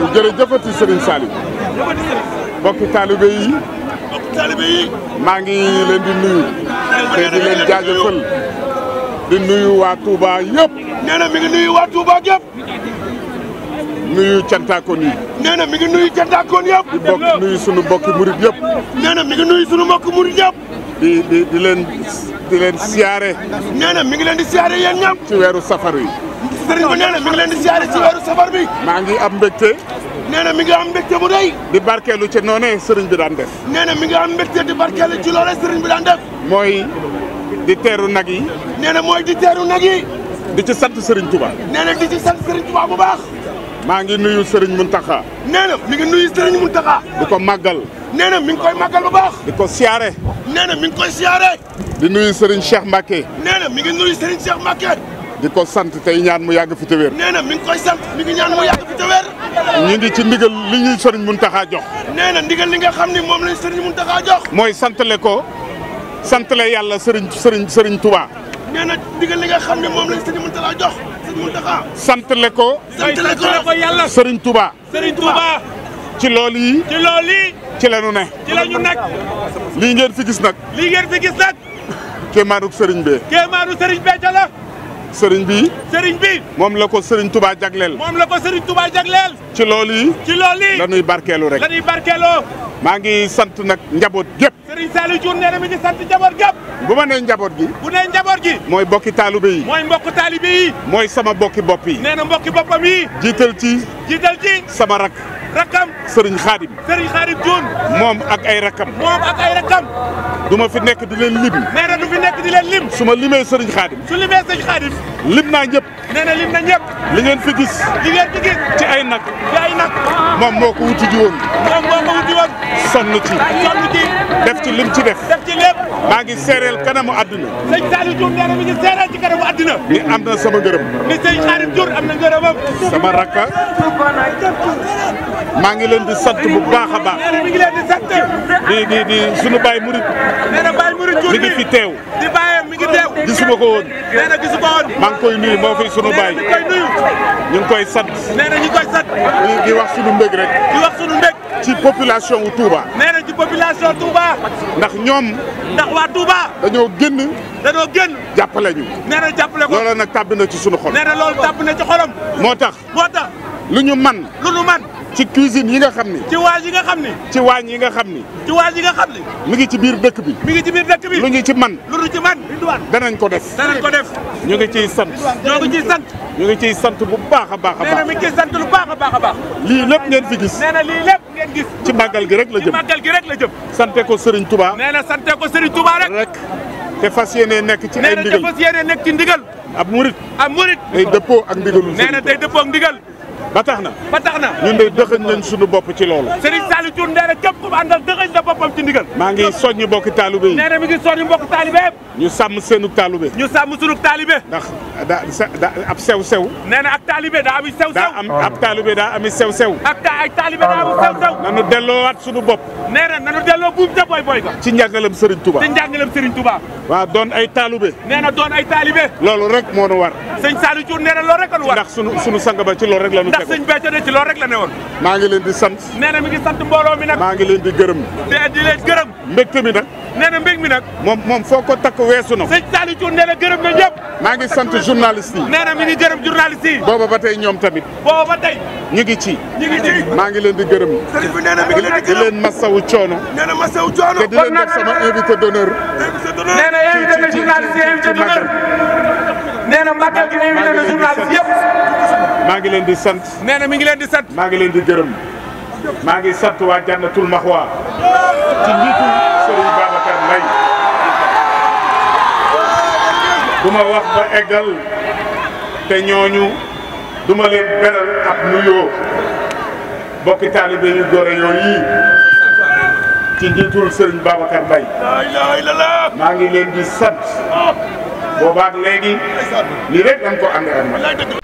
Saliou jërëjëfati Serigne Saliou bokki taalibe yi maa ngi leen di nuyu te di leen jaajëfal di nuyu waa Touba yëpp. nee na mi ngi nuyu waa Touba yëpp. nuyu cantakoon yi. nee na mi ngi nuyu cantakoon yëpp. di bokk nuyu sunu mbokki murit yëpp. nee mi ngi nuyu sunu mbokki murit yëpp. di di di leen di siyaare. nee mi ngi leen di siyaare yéen ñëpp. ci weeru safar yi. na mi leen di maa ngi am mbégte. nee mi ngi am mbégte bu di barkeelu ci noonee sëriñ bi daan def. nee na am mbégte di barkeelu ci loolee sëriñ mooy di teeru nag yi. nee mooy di teeru nag yi. di ci sant sëriñ Touba. nee di ci sant sëriñ Touba bu baax. maa ngi nuyu Serigne Mountakha. nee na mi ngi nuyu Serigne Mountakha. di ko màggal. nee mi ngi koy màggal bu baax. di ko siyaare. nee na mi ngi koy siyaare. di nuyu Serigne Cheikh Mbacke. nee na mi ngi nuyu Serigne Cheikh Mbacke. di ko sant tey ñaan mu yàgg fi te wér. koy sant mi ngi ñaan mu yàgg fi te wér. ñu ngi ci ndigal li ñuy sëriñ Muntaxa jox. nee ndigal li nga xam ni moom lañ sëriñ Muntaxa jox. mooy santale ko santale yàlla sëriñ sëriñ sëriñ Touba. li nga xam ne moom lañ sëriñ santale ko. yàlla sëriñ tuba sëriñ Touba. ci loolu yi. ci loolu yi. ci la ne. ci la ñu nekk. ngeen fi gis nag. lii ngeen fi gis nag. kéemaanu sëriñ bee. kéemaanu sëriñ bee ca la. sëriñ bii sëriñ bi moom la ko sëriñ Touba jagleel moom la ko sëriñ Touba jagleel ci loolu yi ci loolu yi la ñuy barkeelu rek la ñuy maa ngi sant nag njaboot gépp sëriñ Saliou Diouf nee na mi ngi sant njaboot gépp bu ma nee njaboot gi bu nee njaboot gi mooy bokki taalibe yi mooy mbokk taalibe yi mooy sama bokki bopp yi nee na mbokki boppam yi jiital ci jiital ci sama rak Serigne Khadim. Serigne Khadim Dioune. moom ak ay rakam. moom ak ay rakam. du ma fi nekk di leen lim. mais nag du fi nekk di leen lim. su ma limee Serigne Khadim. su lim naa ñëpp. nee lim na ñëpp. li ngeen fi gis. li fi gis. ci ay nag. moom moo ko wuti ji woon. moom moo ko wuti woon. sonn ci. sonn ci. def ci lim ci def. ci lépp. maa ngi seereel kanamu àdduna. sëñ Saliou Diouf nee na mi seereel ci kanamu àdduna. ni am na sama ngërëm. ni sëñ Khadim Diouf am na ngërëmam. sama rakka. maa ngi leen di sant bu baax a baax. mi ngi leen di sant. di di di sunu baay murit. nee na baay murit mi ngi fi teew. di bàyyam mi ngi teew. gisuma ko woon. na gisu ko woon. maa ngi koy nuyu moo fiy sunu ñu ngi koy nuyu. ñu koy sant. nee na koy sant. di di wax sunu mbég rek. di wax sunu mbég. ci population wu Touba. nee na ci population Touba. ndax ñoom. ndax waa Touba. dañoo génn. dañoo génn. jàppale ñu. nee na jàppale ko loolu nag na ci sunu xol. nee na na ci xolam. moo tax. moo tax lu ñu man lu ñu man ci cuisine yi nga xam ni. ci waañ yi nga xam ni. ci yi nga xam ni. ci waañ yi xam ni. mi ngi ci biir dëkk bi. mi nga ci biir dëkk bi lu ñu ci man lu ñu ci man danañ ko def. danañ ko def. ñu nga ciy sant. ñoo ngi ciy sant. ñu ngi ciy sant bu baax a baax a baax. nee na baax a baax a lii lépp ngeen fi gis. nee na lii lépp ci màggal gi rek la jëm gi rek la jëm. sante ko Serigne Touba. nee na sante ko Serigne Touba rek. rek te fas yéenee nekk ci ay ndigal nee na te ci ndigal. ab murit. ab murit. day dëppoo ak ndigalul. nee na day dëppoo ak ndigal ba tax na ba tax na ñun de dëxëñ nañ suñu bopp ci loolu Saliou Thioune nee na képp ku mu àndal ci ndigal maa ngi soññ mbokki taalibe yi nee na mi ngi soññ mbokki taalibe ñu sàmm seenug taalibe ñu sàmm sunug taalibe ndax ab sew sew nee na ak taalibe daa ami am ab taalibe daa ami sew sew ak ta ay taalibe daa ami sew sew nanu delloowaat suñu bopp nee na nanu delloo buum ca boy boy ga ci njàngalam Serigne Touba waa njàngalam Serigne Touba waaw doon ay taalibe nee doon ay taalibe loolu rek moo nu war sëñ Saliou Thioune nee na loolu rek la nu war ndax sunu sunu ci loolu rek la nu teg ndax sëñ Béthio ne woon maa ngi leen di sant. nee na maa ngi leen di gërëm. di leen gërëm. mbégte mi nag. nee na mbég mi nag. moom moom foo ko takk weesu na. sëñ Saliou Thioune nee na gërëm na maa ngi sant journaliste yi. nee na mi ngi gërëm journaliste yi. booba ba tey ñoom tamit. booba ba tey. ñu ngi ci. maa ngi leen di gërëm. sëriñ mi ngi leen di leen masawu coono. nee na masawu coono. te di leen def sama invité d'honneur. invité d'honneur nee na invité na journaliste nee na màggal maa ngi leen di sant. nee mi ngi leen di sant. maa ngi leen di gërëm maa ngi sant waa Jannatul Maxwa ci njiitu Serigne Babacar Mbaye du ma wax ba eggal te ñooñu du ma leen beral ab nuyoo bokki taalibe yu góore yooyu ci njiitul Serigne Babacar Mbaye maa ngi leen di sant boobaak léegi li rek lañ ko ànd ak